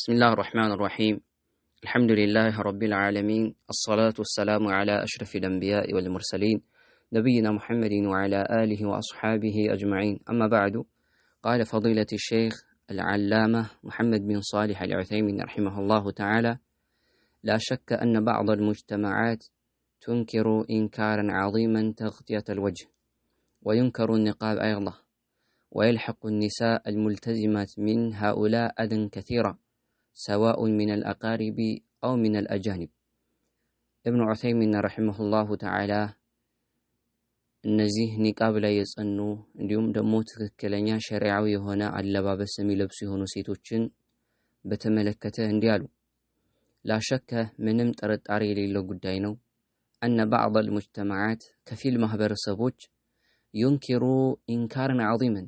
بسم الله الرحمن الرحيم الحمد لله رب العالمين الصلاة والسلام على أشرف الأنبياء والمرسلين نبينا محمد وعلى آله وأصحابه أجمعين أما بعد قال فضيلة الشيخ العلامة محمد بن صالح العثيمين رحمه الله تعالى لا شك أن بعض المجتمعات تنكر إنكارا عظيما تغطية الوجه وينكر النقاب أيضا ويلحق النساء الملتزمات من هؤلاء أذى كثيرا سواء من الأقارب أو من الأجانب ابن عثيمين رحمه الله تعالى نزيه نقاب لا يصنو اليوم دمو تككلنيا شريعوي هنا على باب السمي لبسي هنا سيتوچن بتملكته انديالو لا شك منم ترطاري ليلو قداينو أن بعض المجتمعات كفيل مهبر سبوج ينكروا إنكارنا عظيما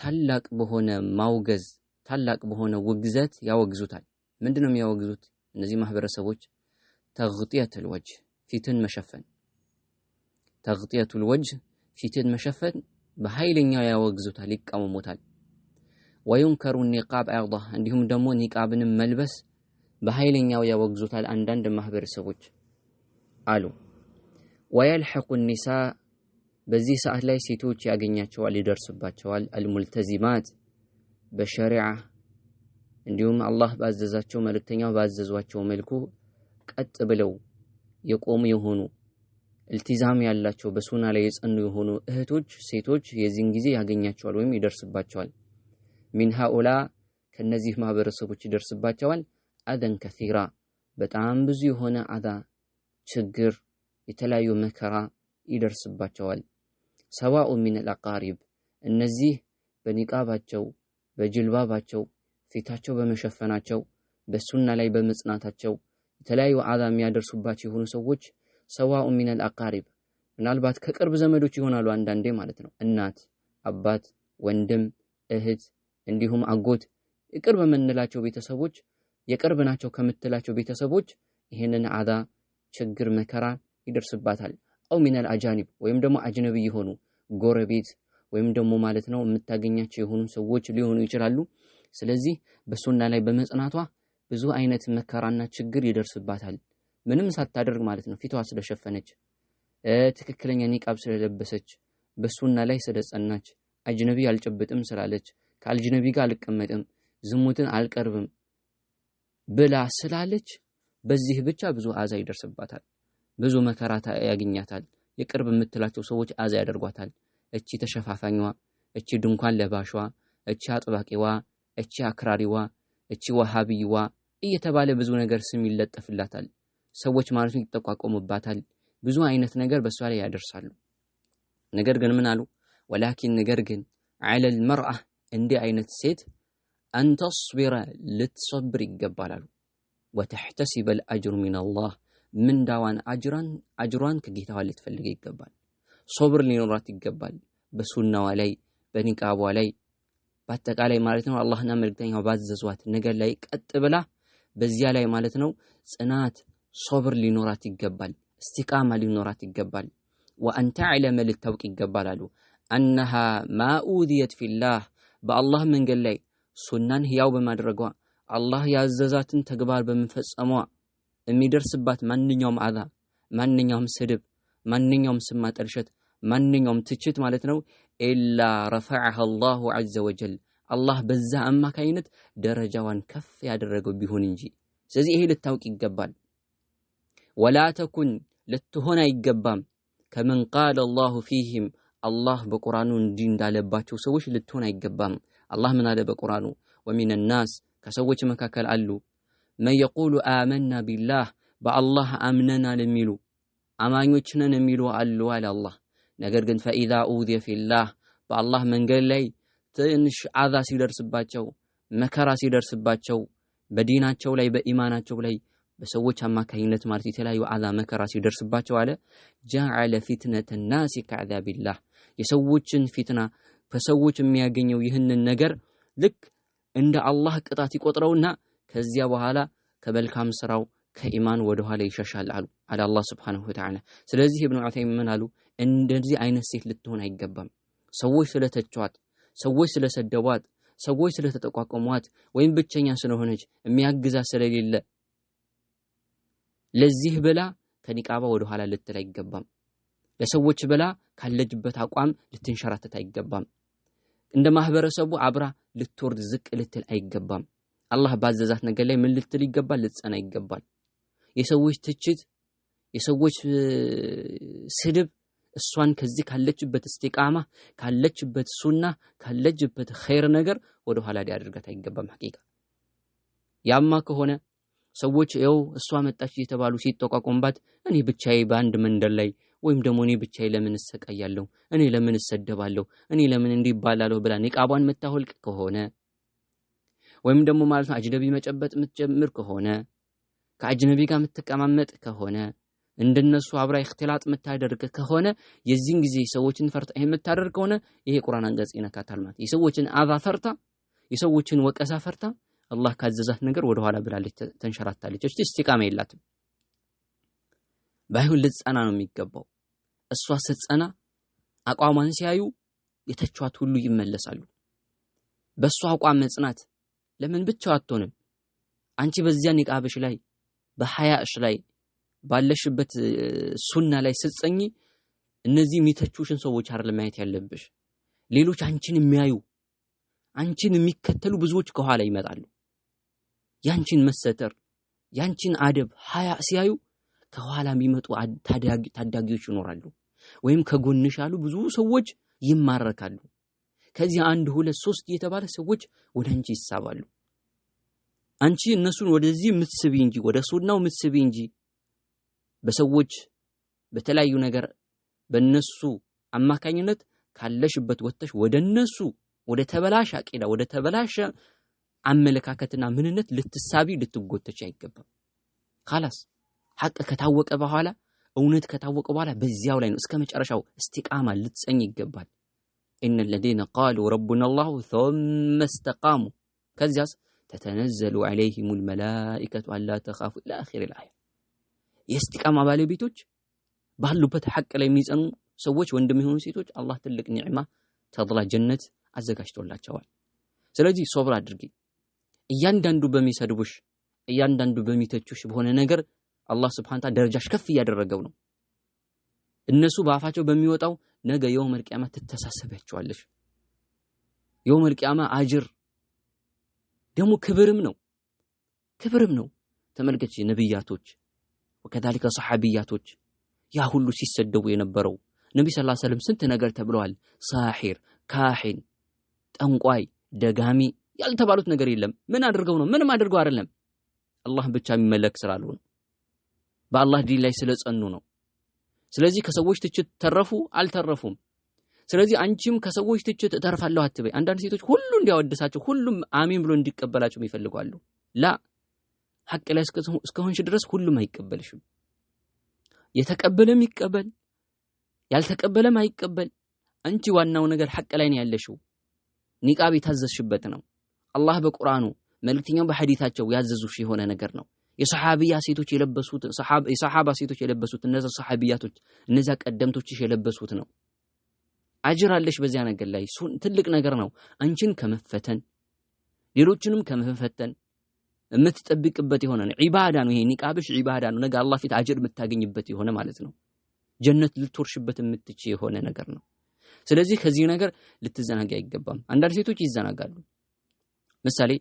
تلق بهنا موجز ታላቅ በሆነ ውግዘት ያወግዙታል። ምንድነው የሚያወግዙት? እነዚህ ማህበረሰቦች ተግጥየቱል ወጅህ ፊትን መሸፈን፣ ተግጥየቱል ወጅህ ፊትን መሸፈን በኃይለኛው ያወግዙታል፣ ይቃወሙታል። ወዩንከሩ ኒቃብ አርዳ እንዲሁም ደግሞ ኒቃብንም መልበስ በኃይለኛው ያወግዙታል። አንዳንድ ማህበረሰቦች አሉ ወየልሐቁ ኒሳ በዚህ ሰዓት ላይ ሴቶች ያገኛቸዋል፣ ይደርስባቸዋል አልሙልተዚማት በሸሪዓ እንዲሁም አላህ ባዘዛቸው መልእክተኛው ባዘዟቸው መልኩ ቀጥ ብለው የቆሙ የሆኑ እልትዛም ያላቸው በሱና ላይ የጸኑ የሆኑ እህቶች ሴቶች የዚህን ጊዜ ያገኛቸዋል ወይም ይደርስባቸዋል። ሚን ሃኡላ ከነዚህ ማህበረሰቦች ይደርስባቸዋል። አዘን ከሲራ በጣም ብዙ የሆነ አዛ፣ ችግር፣ የተለያዩ መከራ ይደርስባቸዋል። ሰዋኡ ሚን አልአቃሪብ እነዚህ በኒቃባቸው በጅልባባቸው ፊታቸው በመሸፈናቸው በሱና ላይ በመጽናታቸው የተለያዩ አዛ የሚያደርሱባቸው የሆኑ ሰዎች ሰዋኡ ሚነል አቃሪብ ምናልባት ከቅርብ ዘመዶች ይሆናሉ። አንዳንዴ ማለት ነው እናት፣ አባት፣ ወንድም፣ እህት እንዲሁም አጎት ቅርብ የምንላቸው ቤተሰቦች የቅርብ ናቸው ከምትላቸው ቤተሰቦች ይህንን አዛ ችግር መከራ ይደርስባታል። አው ሚነል አጃኒብ ወይም ደግሞ አጅነቢ የሆኑ ጎረቤት ወይም ደግሞ ማለት ነው የምታገኛቸው የሆኑ ሰዎች ሊሆኑ ይችላሉ። ስለዚህ በሱና ላይ በመጽናቷ ብዙ አይነት መከራና ችግር ይደርስባታል። ምንም ሳታደርግ ማለት ነው ፊቷ ስለሸፈነች፣ ትክክለኛ ኒቃብ ስለለበሰች፣ በሱና ላይ ስለጸናች፣ አጅነቢ አልጨብጥም ስላለች፣ ከአጅነቢ ጋር አልቀመጥም፣ ዝሙትን አልቀርብም ብላ ስላለች በዚህ ብቻ ብዙ አዛ ይደርስባታል። ብዙ መከራ ያገኛታል። የቅርብ የምትላቸው ሰዎች አዛ ያደርጓታል። እቺ ተሸፋፋኝዋ፣ እቺ ድንኳን ለባሽዋ፣ እቺ አጥባቂዋ፣ እቺ አክራሪዋ፣ እቺ ዋሃብይዋ እየተባለ ብዙ ነገር ስም ይለጠፍላታል። ሰዎች ማለት ይጠቋቆሙባታል። ብዙ አይነት ነገር በእሷ ላይ ያደርሳሉ። ነገር ግን ምን አሉ? ወላኪን ነገር ግን አለል መርአ እንዲህ አይነት ሴት አንተስቢረ ልትሰብር ይገባል አሉ። ወተሕተሲበል አጅሩ ሚነላህ ምንዳዋን አጅሯን ከጌታዋ ልትፈልገ ይገባል። ሶብር ሊኖራት ይገባል። በሱናዋ ላይ በኒቃቧ ላይ በአጠቃላይ ማለት ነው አላህና መልክተኛው ባዘዟት ነገር ላይ ቀጥ ብላ በዚያ ላይ ማለት ነው ጽናት ሶብር ሊኖራት ይገባል። እስቲቃማ ሊኖራት ይገባል። ወአንተ ተዕለመ ልታውቅ ይገባል አሉ አነሃ ማኡድየት ፊላህ በአላህ መንገድ ላይ ሱናን ህያው በማድረጓ አላህ ያዘዛትን ተግባር በመፈጸሟ የሚደርስባት ማንኛውም አዛ ማንኛውም ስድብ ማንኛውም ስም ማጠልሸት፣ ማንኛውም ትችት ማለት ነው። ኢላ ረፈዐሃ አላሁ ዐዘ ወጀል አላህ በዛ አማካይነት ደረጃዋን ከፍ ያደረገው ቢሆን እንጂ። ስለዚህ ይሄ ልታውቅ ይገባል። ወላ ተኩን ልትሆን አይገባም ከመን ቃለ አላሁ ፊህም አላህ በቁርአኑ እንዲህ እንዳለባቸው ሰዎች ልትሆን አይገባም። አላህ ምን አለ በቁርአኑ? ወሚን ናስ ከሰዎች መካከል አሉ መን የቁሉ አመና ቢላህ በአላህ አምነናል የሚሉ አማኞች ነን የሚሉ አሉ አለ አላህ። ነገር ግን ፈኢዛ ኡዚየ ፊላህ በአላህ መንገድ ላይ ትንሽ አዛ ሲደርስባቸው፣ መከራ ሲደርስባቸው በዲናቸው ላይ በኢማናቸው ላይ በሰዎች አማካኝነት ማለት የተለያዩ አዛ መከራ ሲደርስባቸው አለ ጃዓለ ፊትነተ ናሲ ከዓዛቢላህ የሰዎችን ፊትና ከሰዎች የሚያገኘው ይህንን ነገር ልክ እንደ አላህ ቅጣት ይቆጥረውና ከዚያ በኋላ ከመልካም ስራው ከኢማን ወደኋላ ይሸሻል አሉ አለ አላህ ስብሓንሁ ወተዓላ። ስለዚህ ኢብኑ ዑተይሚን ምን አሉ? እንደዚህ አይነት ሴት ልትሆን አይገባም። ሰዎች ስለተቿት፣ ሰዎች ስለሰደቧት፣ ሰዎች ስለተጠቋቋሟት ወይም ብቸኛ ስለሆነች የሚያግዛ ስለሌለ ለዚህ ብላ ከኒቃባ ወደኋላ ልትል አይገባም። ለሰዎች ብላ ካለጅበት አቋም ልትንሸራተት አይገባም። እንደ ማህበረሰቡ አብራ ልትወርድ ዝቅ ልትል አይገባም። አላህ ባዘዛት ነገር ላይ ምን ልትል ይገባል? ልትጸና ይገባል። የሰዎች ትችት፣ የሰዎች ስድብ እሷን ከዚህ ካለችበት እስቲቃማ ካለችበት ሱና ካለችበት ኸይር ነገር ወደ ኋላ ሊያደርጋት አይገባም። ሐቂቃ ያማ ከሆነ ሰዎች ያው እሷ መጣች እየተባሉ ሲጠቋቆምባት እኔ ብቻዬ በአንድ መንደር ላይ ወይም ደግሞ እኔ ብቻዬ ለምን እሰቃያለሁ፣ እኔ ለምን እሰደባለሁ፣ እኔ ለምን እንዲባላለሁ ብላ ኒቃቧን የምታወልቅ ከሆነ ወይም ደግሞ ማለት ነው አጅነቢ መጨበጥ የምትጀምር ከሆነ ከአጅነቢ ጋር የምትቀማመጥ ከሆነ እንደነሱ አብራ እክትላጥ የምታደርግ ከሆነ የዚህን ጊዜ ሰዎችን ፈርታ ይሄ የምታደርግ ከሆነ ይሄ ቁርአን አንቀጽ ይነካታል ማለት የሰዎችን አዛ ፈርታ የሰዎችን ወቀሳ ፈርታ አላህ ካዘዛት ነገር ወደኋላ ብላለች፣ ተንሸራታለች። እቺ ኢስቲቃማ የላትም። ባይሆን ልትጸና ነው የሚገባው። እሷ ስትጸና አቋሟን ሲያዩ የተቿት ሁሉ ይመለሳሉ። በእሷ አቋም መጽናት ለምን ብቻው አትሆንም? አንቺ በዚያን ኒቃብሽ ላይ በሀያሽ ላይ ባለሽበት ሱና ላይ ስትጸኚ እነዚህ የሚተቹሽን ሰዎች አይደል ማየት ያለብሽ። ሌሎች አንቺን የሚያዩ አንቺን የሚከተሉ ብዙዎች ከኋላ ይመጣሉ። ያንቺን መሰተር ያንቺን አደብ ሀያ ሲያዩ ከኋላ የሚመጡ ታዳጊዎች ይኖራሉ፣ ወይም ከጎንሽ ያሉ ብዙ ሰዎች ይማረካሉ። ከዚህ አንድ ሁለት ሶስት እየተባለ ሰዎች ወደ አንቺ ይሳባሉ። አንቺ እነሱን ወደዚህ ምትስቢ እንጂ ወደ ሱናው ምትስቢ እንጂ በሰዎች በተለያዩ ነገር በነሱ አማካኝነት ካለሽበት ወጥተሽ ወደ እነሱ ወደ ተበላሽ አቂዳ ወደ ተበላሽ አመለካከትና ምንነት ልትሳቢ ልትጎተች አይገባም። ካላስ ሐቅ ከታወቀ በኋላ እውነት ከታወቀ በኋላ በዚያው ላይ ነው እስከ መጨረሻው እስቲቃማ ልትጸኝ ይገባል። ኢነ ለዚነ ቃሉ ረቡና አላሁ ثመ እስተቃሙ ከዚያስ ተተነዘሉ ዐለይሂሙል መላኢከቱ አላ ተኻፉ ኢላ አኺሪል አያ። የእስቲቃማ ባለቤቶች ባሉበት ሐቅ ላይ የሚጸኑ ሰዎች ወንድም የሆኑ ሴቶች አላህ ትልቅ ኒዕማ ተድላ ጀነት አዘጋጅቶላቸዋል። ስለዚህ ሶብር አድርጊ። እያንዳንዱ በሚሰድቡሽ፣ እያንዳንዱ በሚተቹሽ በሆነ ነገር አላህ ስብሐነ ተዓላ ደረጃሽ ከፍ እያደረገው ነው። እነሱ በአፋቸው በሚወጣው ነገ የውመል ቂያማ ትተሳሰቢያቸዋለሽ። የውመል ቂያማ አጅር ደግሞ ክብርም ነው ክብርም ነው ተመልከች ነብያቶች ወከዛሊከ ሰሓቢያቶች ያ ሁሉ ሲሰደቡ የነበረው ነቢ ስ ሰለም ስንት ነገር ተብለዋል ሳሒር ካሒን ጠንቋይ ደጋሚ ያልተባሉት ነገር የለም ምን አድርገው ነው ምንም አድርገው አይደለም አላህን ብቻ የሚመለክ ስላሉ ነው በአላህ ዲን ላይ ስለጸኑ ነው ስለዚህ ከሰዎች ትችት ተረፉ አልተረፉም ስለዚህ አንቺም ከሰዎች ትችት እተርፋለሁ አትበይ። አንዳንድ ሴቶች ሁሉ እንዲያወድሳቸው ሁሉም አሚን ብሎ እንዲቀበላቸው ይፈልጋሉ። ላ ሐቅ ላይ እስከሆንሽ ድረስ ሁሉም አይቀበልሽም። የተቀበለም ይቀበል፣ ያልተቀበለም አይቀበል። አንቺ ዋናው ነገር ሐቅ ላይ ነው ያለሽው። ኒቃብ የታዘዝሽበት ነው። አላህ በቁርአኑ መልእክተኛው በሐዲታቸው ያዘዙሽ የሆነ ነገር ነው። የሰሓቢያ ሴቶች የለበሱት የሰሓባ ሴቶች የለበሱት እነዚያ ሰሓቢያቶች እነዚያ ቀደምቶችሽ የለበሱት ነው። አጅር አለሽ በዚያ ነገር ላይ ትልቅ ነገር ነው። አንቺን ከመፈተን ሌሎችንም ከመፈተን የምትጠብቅበት የሆነ ነው። ዒባዳ ነው። ይሄ ኒቃብሽ ዒባዳ ነው። ነገ አላህ ፊት አጅር የምታገኝበት የሆነ ማለት ነው። ጀነት ልትወርሽበት የምትች የሆነ ነገር ነው። ስለዚህ ከዚህ ነገር ልትዘናጋ አይገባም። አንዳንድ ሴቶች ይዘናጋሉ። ምሳሌ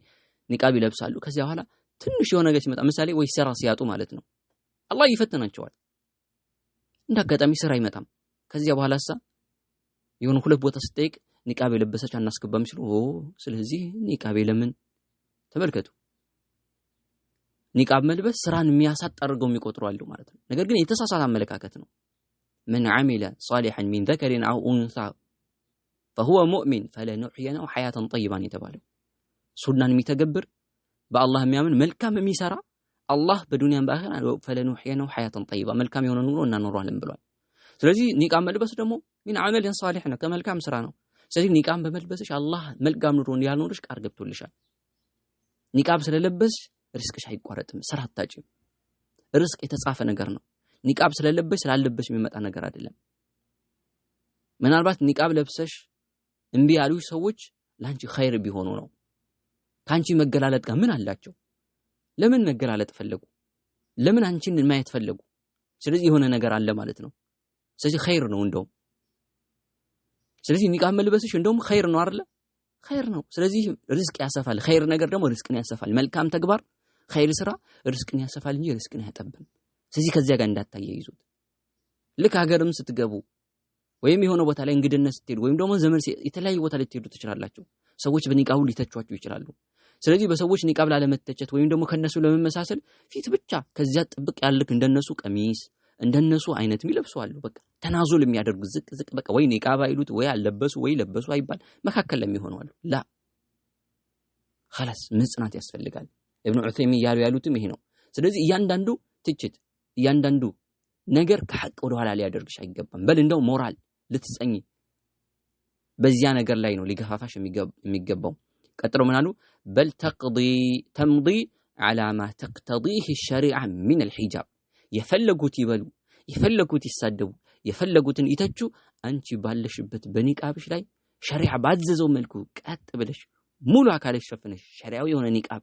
ኒቃብ ይለብሳሉ። ከዚያ በኋላ ትንሽ የሆነ ነገር ሲመጣ ምሳሌ ወይ ስራ ሲያጡ ማለት ነው አላህ ይፈትናቸዋል። እንዳጋጣሚ ስራ አይመጣም። ከዚያ በኋላ የሆነ ሁለት ቦታ ስጠይቅ ኒቃብ የለበሰች አናስገባም ሲሉ፣ ስለዚህ ኒቃብ ለምን ተመልከቱ። ኒቃብ መልበስ ስራን የሚያሳጥ አድርገው የሚቆጥሩ አሉ ማለት ነው። ነገር ግን የተሳሳተ አመለካከት ነው። መን ዓሚለ ሷሊሐን ሚን ዘከሪን አው ኡንሳ ፈሁወ ሙእሚን ፈለኑሕየነው ሐያተን ጠይባን የተባለው ሱናን የሚተገብር በአላህ የሚያምን መልካም የሚሰራ አላህ በዱንያን በአኺራ ፈለኑሕየነው ሐያተን ጠይባ መልካም የሆነ ኑሮ እናኖሯለን ብሏል። ስለዚህ ኒቃብ መልበስ ደግሞ ሚን አመልን ሳሊሕ ነው ከመልካም ስራ ነው። ስለዚህ ኒቃብ በመልበስሽ አላህ መልካም ኑሮ ያልኖርሽ ቃል ገብቶልሻል። ኒቃብ ስለለበስሽ ሪስቅሽ አይቋረጥም፣ ስራ አታጭም። ሪስቅ የተጻፈ ነገር ነው። ኒቃብ ስለለበስሽ ስላለበስሽ የሚመጣ ነገር አይደለም። ምናልባት ኒቃብ ለብሰሽ እምቢ ያሉሽ ሰዎች ለአንቺ ኸይር ቢሆኑ ነው። ከአንቺ መገላለጥ ጋር ምን አላቸው? ለምን መገላለጥ ፈለጉ? ለምን አንቺን ማየት ፈለጉ? ስለዚህ የሆነ ነገር አለ ማለት ነው። ስለዚህ ኸይር ነው እንደውም ስለዚህ ኒቃብ መልበስሽ እንደውም ኸይር ነው አይደለ? ኸይር ነው። ስለዚህ ርዝቅ ያሰፋል። ኸይር ነገር ደግሞ ርዝቅን ያሰፋል። መልካም ተግባር ኸይር ስራ ርዝቅን ያሰፋል እንጂ ርዝቅን አያጠብም። ስለዚህ ከዚያ ጋር እንዳታያይዙት። ልክ ሀገርም ስትገቡ ወይም የሆነ ቦታ ላይ እንግድነት ስትሄዱ ወይም ደግሞ ዘመን የተለያዩ ቦታ ላይ ትሄዱ ትችላላችሁ። ሰዎች በኒቃቡ ሊተቿችሁ ይችላሉ። ስለዚህ በሰዎች ኒቃብ ላለመተቸት ወይም ደግሞ ከነሱ ለመመሳሰል ፊት ብቻ ከዚያ ጥብቅ ያልክ እንደነሱ ቀሚስ እንደነሱ አይነት የሚለብሱ አሉ። በቃ ተናዞል የሚያደርጉት ዝቅ ዝቅ በቃ ወይ ኒቃብ አይሉት ወይ አለበሱ ወይ ለበሱ አይባል መካከል ለሚሆኑ አሉ። ላ ኸላስ መጽናት ያስፈልጋል። እብኑ ዑሰይሚን ያሉ ያሉትም ይሄ ነው። ስለዚህ እያንዳንዱ ትችት፣ እያንዳንዱ ነገር ከሐቅ ወደኋላ ሊያደርግሽ አይገባም። በል እንደው ሞራል ልትጸኝ በዚያ ነገር ላይ ነው ሊገፋፋሽ የሚገባው። ቀጥሎ ምን አሉ? በል ተምዲ ዐላ ማ ተቅተዲህ ሸሪዓ ሚን አልሒጃብ የፈለጉት ይበሉ፣ የፈለጉት ይሳደቡ፣ የፈለጉትን ይተቹ። አንቺ ባለሽበት በኒቃብሽ ላይ ሸሪዓ ባዘዘው መልኩ ቀጥ ብለሽ ሙሉ አካል ሸፍነሽ ሸሪዓዊ የሆነ ኒቃብ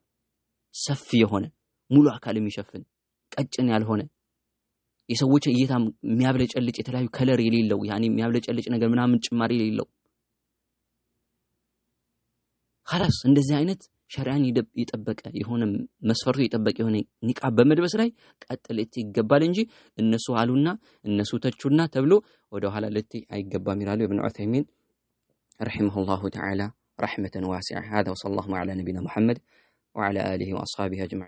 ሰፊ የሆነ ሙሉ አካል የሚሸፍን ቀጭን ያልሆነ የሰዎችን እይታ የሚያብለጨልጭ የተለያዩ ከለር የሌለው ያኔ የሚያብለጨልጭ ነገር ምናምን ጭማሪ የሌለው ኸላስ እንደዚህ አይነት ሸሪያን የጠበቀ የሆነ መስፈርቱ የጠበቀ የሆነ ኒቃብ በመልበስ ላይ ቀጥ ልት ይገባል እንጂ እነሱ አሉና እነሱ ተቹና ተብሎ ወደ ኋላ ልት አይገባም ይላሉ ኢብኑ ዑሰይሚን ረሒመሁላሁ ተዓላ ረሕመተን ዋሲዓ هذا وصلى الله على نبينا محمد وعلى آله وأصحابه أجمعين